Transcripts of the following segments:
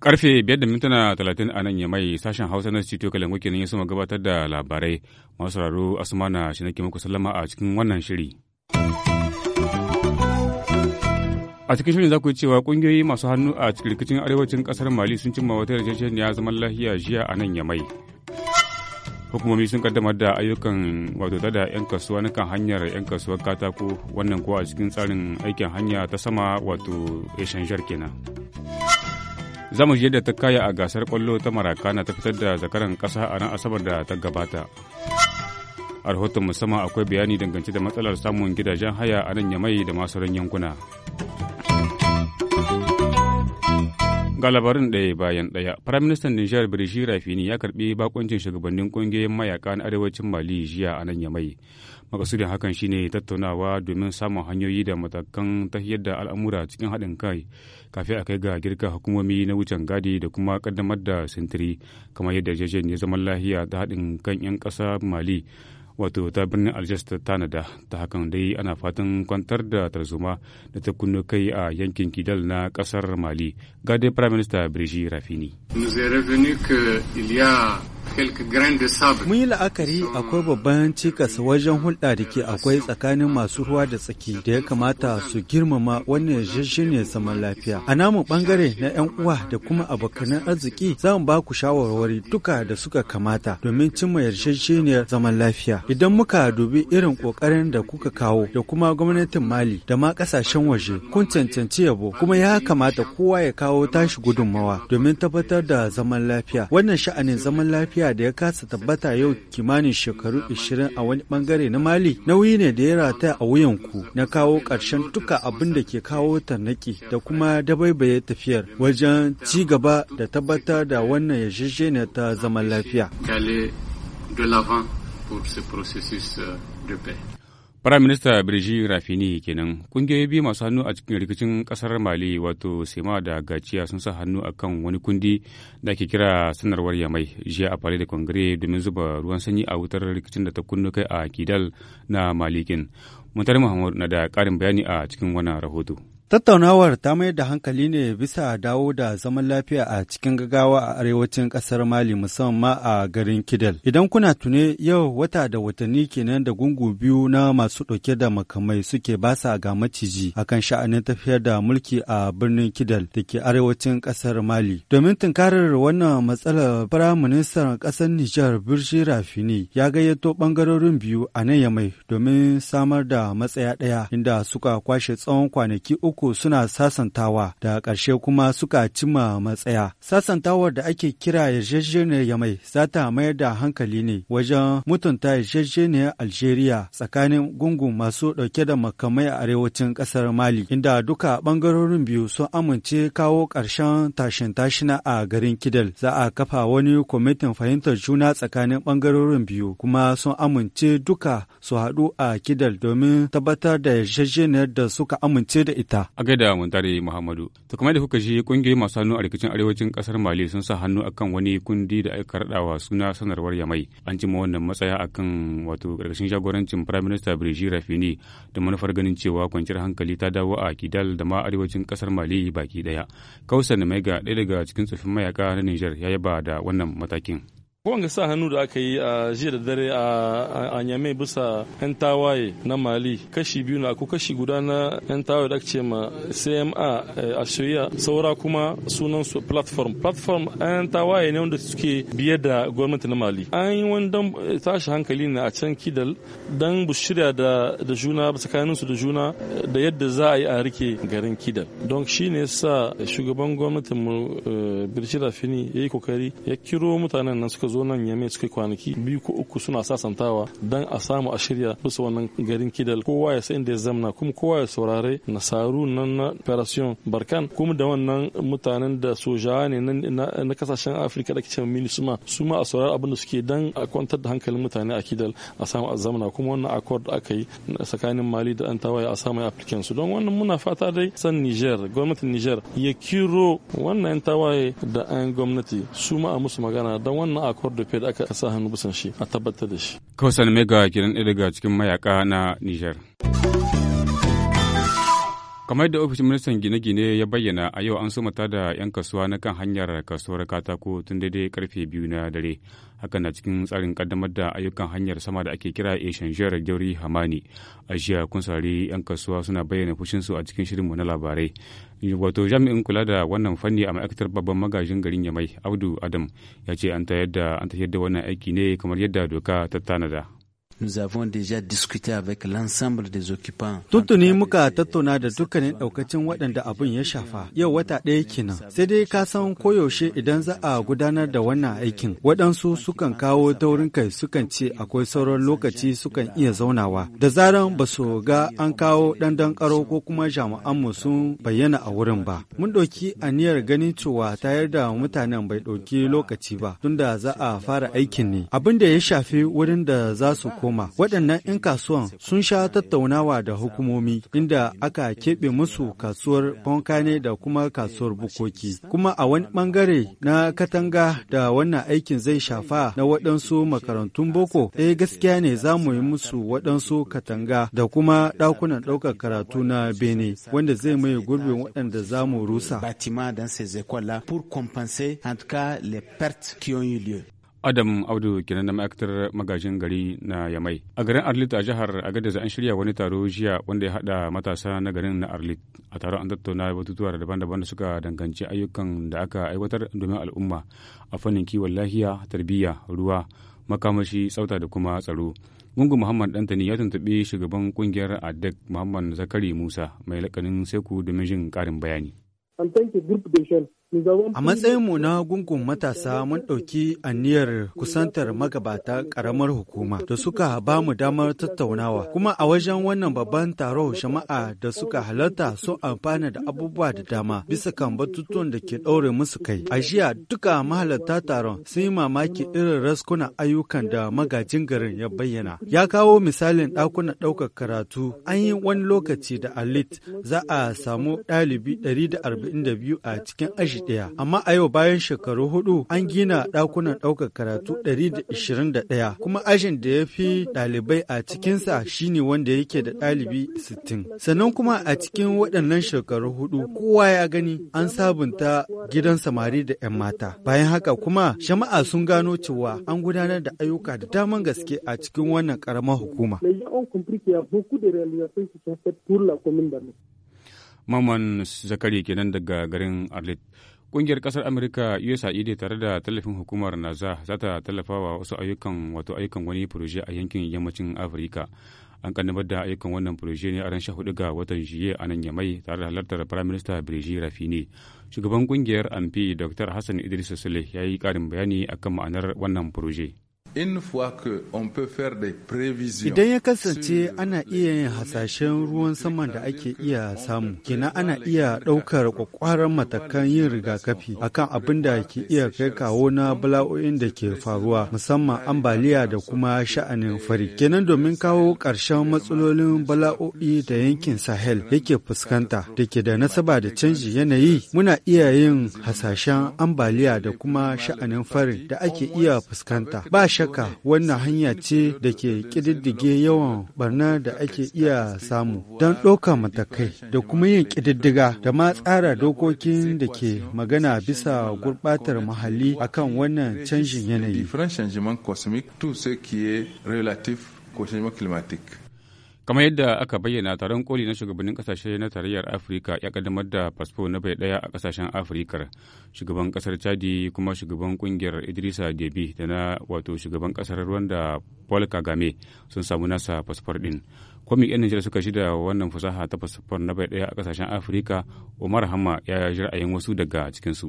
Karfe biyar da mintuna talatin a nan ya mai sashen Hausa na studio Kalangu kenan ya suma gabatar da labarai. Masu raro Asmana shi nake muku sallama a cikin wannan shiri. a cikin shirin za ku yi cewa kungiyoyi masu hannu a cikin rikicin arewacin kasar mali sun cimma wata yarjejeniya zaman lahiya jiya a nan ya mai. hukumomi sun kaddamar da ayyukan wato tada 'yan kasuwa na kan hanyar 'yan kasuwar katako wannan kuwa a cikin tsarin aikin hanya ta sama wato eshanjar kenan za mu je da ta kaya a gasar kwallo ta marakana ta fitar da zakaran kasa a ran asabar da ta gabata a rahoton musamman akwai bayani dangance da matsalar samun gidajen haya a nan yamai da masu yankuna. Ga labarin ɗaya bayan ɗaya, Firaministan Nijar Birishi Rafini ya karbi bakoncin shugabannin ƙungiyoyin mayaka na arewacin Mali jiya a nan Yamai. Makasudin hakan shine tattaunawa domin samun hanyoyi da matakan tahiyar da al'amura cikin haɗin kai kafin a kai ga girka hukumomi na wucin gadi da kuma kaddamar da sintiri kamar yadda jejen ya zaman lahiya ta haɗin kan 'yan ƙasa Mali wato ta birnin algiers ta tanada ta hakan dai ana fatan kwantar da tarzoma da ta kunno kai a yankin kidal na kasar mali gade prime minister birji rafini Mun yi la'akari akwai babban cikas wajen hulɗa da ke akwai tsakanin masu ruwa da tsaki da ya kamata su girmama wannan ne zaman lafiya. A namu ɓangare na 'yan uwa da kuma abokanan arziki za mu ba ku shawarwari duka da suka kamata domin cimma yarjejeniyar zaman lafiya. Idan muka dubi irin ƙoƙarin da kuka kawo da kuma gwamnatin Mali da ma ƙasashen waje kun cancanci yabo kuma ya kamata kowa ya kawo tashi gudunmawa domin tabbatar da zaman lafiya. Wannan sha'anin zaman lafiya lafiya da ya kasa tabbata yau kimanin shekaru 20 a wani bangare na Mali nauyi ne da ya rata a wuyanku na kawo karshen duka abin da ke kawo tarnaki da kuma dabaibaye tafiyar wajen ci gaba da tabbatar da wannan ne ta zaman lafiya. Firaminista Birji Rafini kenan kungiyoyi biyu masu hannu a cikin rikicin kasar Mali wato Sema da Gaciya sun sa hannu a kan wani kundi da ake kira sanarwar Yamai jiya a Fale da Kongire domin zuba ruwan sanyi a wutar rikicin da ta kunno kai a Kidal na Malikin. Muntari Muhammadu na da ƙarin bayani a cikin wannan rahoto. Tattaunawar ta mai da hankali ne bisa dawo da zaman lafiya a cikin gaggawa a arewacin ƙasar Mali musamman a garin Kidal. Idan kuna tune yau wata da watanni kenan da gungu biyu na masu ɗauke da makamai suke basa ga maciji akan sha'anin tafiyar da mulki a birnin Kidal da ke arewacin ƙasar Mali. Domin tunkarar wannan matsalar Firaministan ƙasar Nijar Birji Rafini ya gayyato ɓangarorin biyu a nan Yamai domin samar da matsaya ɗaya inda suka kwashe tsawon kwanaki uku uku suna sasantawa da ƙarshe kuma suka cimma matsaya. Sasantawar da ake kira yarjejeniyar Yamai za ta mayar da hankali ne wajen mutunta yarjejeniyar Algeria tsakanin gungun masu ɗauke da makamai a arewacin ƙasar Mali, inda duka ɓangarorin biyu sun amince kawo ƙarshen tashin tashina a garin Kidal. Za a kafa wani kwamitin fahimtar juna tsakanin ɓangarorin biyu kuma sun amince duka su haɗu a Kidal domin tabbatar da yarjejeniyar da suka amince da ita. a A gaida Muntari Muhammadu. To kuma da kuka ji kungiyoyi masu hannu a rikicin arewacin kasar Mali sun sa hannu akan wani kundi da aka raɗawa suna sanarwar Yamai. An ma wannan matsaya akan wato ƙarƙashin jagorancin Prime Minister Brigitte Rafini da manufar ganin cewa kwanciyar hankali ta dawo a Kidal da ma arewacin kasar Mali baki ɗaya. Kausa Maiga ɗaya daga cikin tsofin mayaka na Niger ya yaba da wannan matakin. wanga sa hannu da aka yi a jiya da dare a nyame bisa 'yan tawaye na mali kashi biyu na ko kashi guda na 'yan tawaye da ce ma cma a eh, shirya saura kuma sunan su platform platform 'yan tawaye ne wanda suke biye da gwamnati na mali an yi wani eh, tashi hankali ne a can kidal dan bu shirya da juna tsakanin su da juna eh, da yadda za a yi a rike garin kidal don shi ne sa shugaban gwamnatin mu birjira fini ya yi kokari ya kiro mutanen nan suka zo nan yame suka kwanaki biyu ko uku suna sasantawa dan a samu a shirya bisa wannan garin kidal kowa ya san inda ya zamna kuma kowa ya saurare nasaru nan na operation barkan kuma da wannan mutanen da soja ne na kasashen afirka da ke cewa su ma a saurari abin da suke dan a kwantar da hankalin mutane a kidal a samu a zamna kuma wannan accord da aka yi tsakanin mali da an tawaye a samu afirkan su don wannan muna fata dai san niger gwamnatin niger ya kiro wannan tawaye da an gwamnati su ma a musu magana don wannan accord kordofe da aka sa hannu bisan shi a tabbatar da shi. Kausan Mega kenan daga cikin mayaka na Nijar. kamar yadda ofishin ministan gine-gine ya bayyana a yau an sumata da 'yan kasuwa na kan hanyar kasuwar katako tun daidai karfe biyu na dare hakan na cikin tsarin kaddamar da ayyukan hanyar sama da ake kira asian jihar gyauri hamani a jiya kun 'yan kasuwa suna bayyana fushinsu a cikin shirinmu na labarai wato jami'in kula da wannan fanni a ma'aikatar babban magajin garin yamai abdu adam ya ce an tayar da wannan aiki ne kamar yadda doka ta tanada Tuntuni muka tattauna da dukkanin ɗaukacin waɗanda abin ya shafa yau wata ɗaya kenan. Sai dai ka san koyaushe idan za a gudanar da wannan aikin waɗansu sukan kawo taurin kai sukan ce akwai sauran lokaci sukan iya zaunawa. Da zaran ba su ga an kawo ɗandan ƙaro ko kuma mu sun bayyana a wurin ba. Mun ɗauki aniyar ganin cewa tayar da mutanen bai ɗauki lokaci ba tunda za a fara aikin ne. Abin da ya shafi wurin da za su koma. Waɗannan 'yan kasuwan sun sha tattaunawa da hukumomi inda aka keɓe musu kasuwar Fonkane da kuma kasuwar Bukoki. Kuma a wani ɓangare na katanga da wannan aikin zai shafa na waɗansu makarantun boko, eh gaskiya ne za mu yi musu waɗansu katanga da kuma ɗakunan ɗaukar karatu na Bene wanda zai mai gurbin waɗanda za mu rusa. Adam Audu kenan na ma'aikatar magajin gari na Yamai. A garin Arlit a jihar Agadez an shirya wani taro jiya wanda ya haɗa matasa na garin na Arlit. A taron an tattauna batutuwa daban-daban da suka danganci ayyukan da aka aiwatar domin al'umma a fannin kiwon lafiya, tarbiyya, ruwa, makamashi, tsafta da kuma tsaro. Gungun Muhammad Dantani ya tuntuɓi shugaban kungiyar Adek Muhammad Zakari Musa mai lakanin Seku domin jin ƙarin bayani. A matsayin mu na gungun matasa mun ɗauki aniyar kusantar magabata ƙaramar hukuma da suka ba mu damar tattaunawa. Kuma a wajen wannan babban taro shama'a da suka halarta sun amfana da abubuwa da dama bisa kan batutuwan da ke ɗaure musu kai. A jiya duka mahalarta taron sun yi mamaki irin raskunan ayyukan da magajin garin ya bayyana. Ya kawo misalin ɗakunan ɗaukar karatu an yi wani lokaci da alit za a samu ɗalibi 142 a cikin aji ɗaya. Amma a yau bayan shekaru hudu an gina ɗakunan ɗaukar karatu 121 kuma ajin da ya fi ɗalibai a cikinsa shine wanda yake da ɗalibi sittin Sannan kuma a cikin waɗannan shekaru hudu kowa ya gani an sabunta gidan samari da 'yan mata. Bayan haka kuma jama'a sun gano cewa an gudanar da ayyuka da daman gaske a cikin wannan ƙaramar hukuma. Maman Zakari kenan daga garin Arlit. Ƙungiyar ƙasar Amurka USAID tare da tallafin hukumar NASA za ta tallafa wa wasu ayyukan wato ayyukan wani furoje a yankin yammacin Afirka. An kaddamar da ayyukan wannan furoje ne a ran 14 ga watan Juye a nan Yamai tare da halartar Prime Minister Birji Rafini. Shugaban ƙungiyar Amfi Dr. Hassan Idris Sule ya yi ƙarin bayani akan ma'anar wannan furoje. Idan ya kasance ana iya yin hasashen ruwan saman da ake iya samu, kenan ana iya ɗaukar kwakwaran matakan yin rigakafi akan abin da ke iya kai kawo na bala'o'in da ke faruwa, musamman ambaliya da kuma sha'anin fari. Kenan domin kawo ƙarshen matsalolin bala'o'i da yankin Sahel yake fuskanta da ke da nasaba da canji yanayi, muna iya yin hasashen ambaliya da kuma sha'anin fari da ake iya fuskanta. Ba shakka wannan hanya ce da ke ƙididdige yawan barna da ake iya samu don ɗauka matakai da kuma yin ƙididdiga da ma tsara dokokin da ke magana bisa gurɓatar muhalli akan wannan canjin yanayi. kamar yadda aka bayyana taron koli na shugabannin kasashe na tarayyar afirka ya kaddamar da fasfo na bai daya a kasashen afirka shugaban kasar chadi kuma shugaban kungiyar idrisa debi da na wato shugaban kasar rwanda paul kagame sun samu nasa fasfor din kwami yan nijar suka shida wannan fasaha ta fasfor na bai daya a kasashen afirka umar hama ya yi ra'ayin wasu daga cikinsu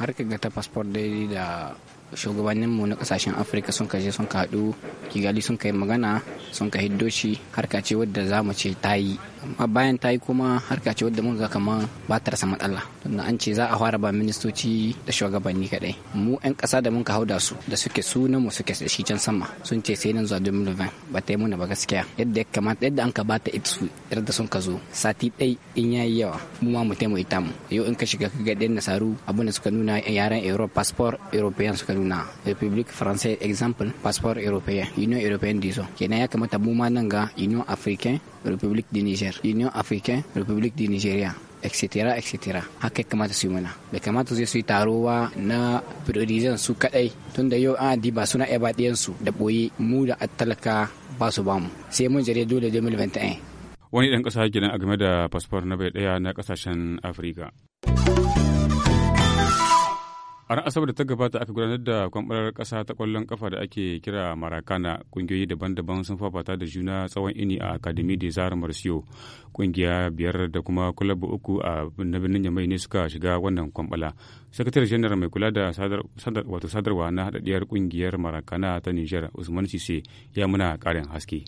har ga ta fasfor daidai da mu na kasashen afirka sun kaje sun ka haɗu kigali sun kai magana sun ka hiddo shi harka ce wadda za mu ce ta yi amma bayan ta yi kuma harka ce wadda mun ga kamar ba ta rasa matsala tunda an ce za a fara ba ministoci da shugabanni kadai mu 'yan kasa da mun ka da su da suke suna mu suke shi can sama sun ce sai nan zuwa 2020 ba ta yi muna ba gaskiya yadda ya kamata yadda an ka ba ta ita su yadda sun ka zo sati ɗai in ya yi yawa mu ma mu taimaka ita mu yau in ka shiga ka ga ɗayan nasaru abin da suka nuna yaren europe passport european suka na republic français exemple passeport européen union européenne disons kenan ya kamata mu ma nan ga union africain republic du niger union africain republic du nigeria etc etc haka kamata su mana da kamata su yi taruwa na priorizan su kadai tun da yau an ba suna yaba su da boye mu da talaka ba su bamu sai mun jare dole 2021 wani dan kasa gidan a game da fasfor na bai daya na kasashen afirka A ran Asabar da ta gabata aka gudanar da kwamɓarar kasa ta kwallon kafa da ake kira Marakana. kungiyoyi daban-daban sun fafata da juna tsawon ini a Academy de Zara Marcio. Ƙungiya biyar da kuma kulabu uku a na birnin Yamai ne suka shiga wannan kwamɓala. Sakatare janar mai kula da wato sadarwa na haɗaɗiyar kungiyar Marakana ta Nijar Usman Sise ya muna ƙarin haske.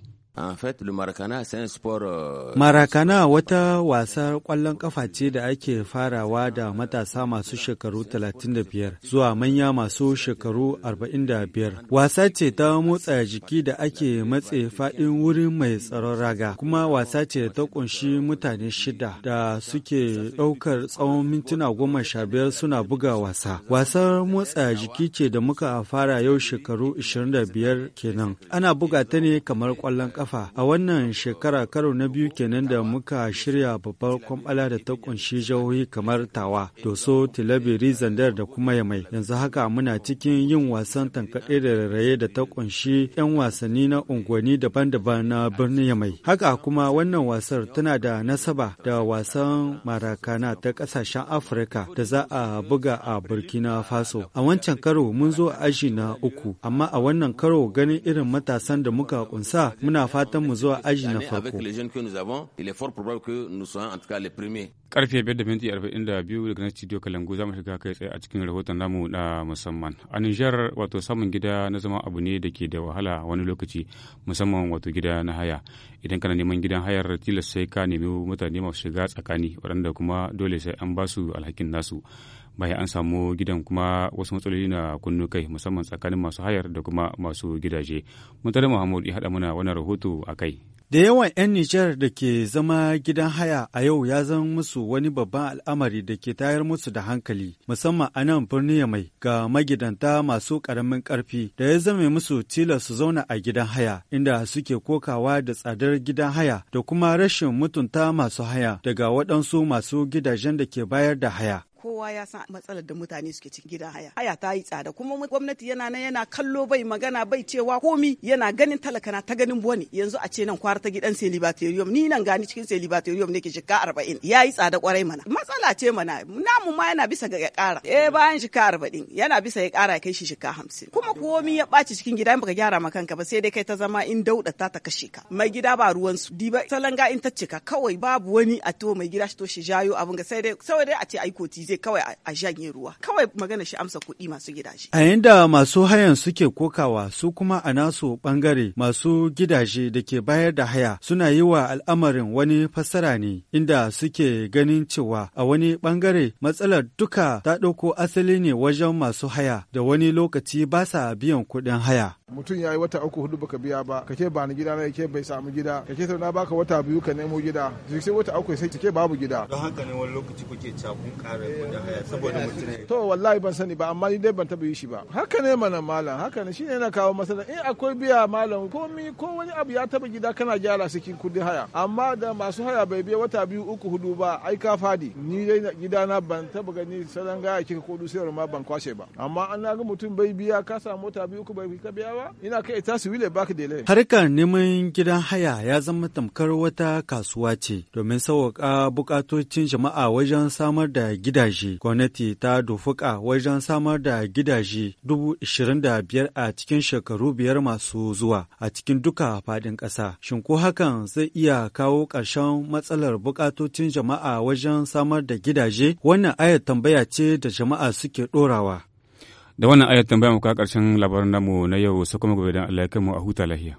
Marakana euh, wata wasa ƙwallon ƙafa ce da ake farawa da matasa masu shekaru 35 zuwa manya masu shekaru 45. Wasa ce ta motsa jiki da ake matse faɗin wurin mai tsaron raga, kuma wasa ce ta ƙunshi mutane shida da suke ɗaukar tsawon mintuna goma sha biyar suna buga wasa. Wasar motsa jiki ce da muka fara yau shekaru 25 kenan. Ana buga ta ne kamar ƙwallon ƙafa. kafa a wannan shekara karo na biyu kenan da muka shirya babbar kwamfala da ta kunshi jihohi kamar tawa doso tilabiri zandar da kuma yamai yanzu haka muna cikin yin wasan tankaɗe da rairaye da ta kunshi 'yan wasanni na unguwanni daban-daban na birnin yamai haka kuma wannan wasar tana da nasaba da wasan marakana ta ƙasashen afirka da za a buga a burkina faso a wancan karo mun zo aji na uku amma a wannan karo ganin irin matasan da muka kunsa muna fatan mu zuwa aji na farko. Karfe 5:42 daga na studio Kalangu za mu shiga kai tsaye a cikin rahoton namu na musamman. A Nijar wato samun gida na zama abu ne da ke da wahala wani lokaci musamman wato gida na haya. Idan kana neman gidan hayar tilas sai ka nemi mutane masu shiga tsakani waɗanda kuma dole sai an basu alhakin nasu. bayan an samu gidan kuma wasu matsaloli na kunnu kai musamman tsakanin masu hayar da kuma masu gidaje mutane muhammadu ya haɗa mana wannan rahoto a kai da yawan 'yan nijar da ke zama gidan haya a yau ya zama musu wani babban al'amari da ke tayar musu da hankali musamman a nan birni mai ga magidanta masu ƙaramin ƙarfi da ya zame musu tilas su zauna a gidan haya inda suke kokawa da tsadar gidan haya da kuma rashin mutunta masu haya daga waɗansu masu gidajen da ke bayar da haya kowa ya san matsalar da mutane suke cikin gidan haya haya ta yi tsada kuma gwamnati yana nan yana kallo bai magana bai cewa komi yana ganin talakana ta ganin bone yanzu a ce nan kwara ta gidan celibatorium ni nan gani cikin celibatorium ne ke shika arba'in ya yi tsada kwarai mana matsala ce mana namu ma yana bisa ga kara eh bayan shika arba'in yana bisa ya kara kai shi shika hamsin kuma komi ya baci cikin gida baka gyara ma kanka ba sai dai kai ta zama in dauɗa ta ta kashe ka mai gida ba ruwan su diba salanga in ta cika kawai babu wani a to mai gida shi to shi jayo abin ga sai dai sai dai a ce ai koti je kawai a shagin ruwa kawai magana shi amsa kuɗi masu gidaje. A yanda masu hayan suke kokawa su kuma a nasu ɓangare masu gidaje da ke bayar da haya suna yi wa al'amarin wani fassara ne inda suke ganin cewa a wani ɓangare matsalar duka ta ɗauko asali ne wajen masu haya da wani lokaci ba sa biyan kuɗin haya. mutum ya yi wata uku hudu baka biya ba ka ba ni gida na ke bai samu gida ka to na baka wata biyu ka nemo gida sai wata uku sai ke babu gida don haka ne wani lokaci kuke cakun ƙara kudin haya saboda mutum to wallahi ban sani ba amma ni dai ban taba yi shi ba haka ne mana malam haka ne shine yana kawo masana in akwai biya malam ko mi ko wani abu ya taba gida kana gyara cikin kudin haya amma da masu haya bai biya wata biyu uku hudu ba ai ka fadi ni dai gida na ban taba gani sadan gaya kika ko sai ma ban kwashe ba amma an na ga mutum bai biya ka samu wata biyu uku bai ka biya ba ina kai ta su wile baka dele harkar neman gidan haya ya zama tamkar wata kasuwa ce domin sauƙaƙa bukatocin jama'a wajen samar da gidaje gwamnati ta dofuka wajen samar da gidaje dubu ishirin da biyar a cikin shekaru biyar masu zuwa a cikin duka faɗin ƙasa shin ko hakan zai iya kawo ƙarshen matsalar bukatocin jama'a wajen samar da gidaje wannan ayar tambaya ce da jama'a suke ɗorawa da wannan ayat tambaya muka karshen labaran namu na yau sai kuma gobe dan Allah ya kai mu a huta lahiya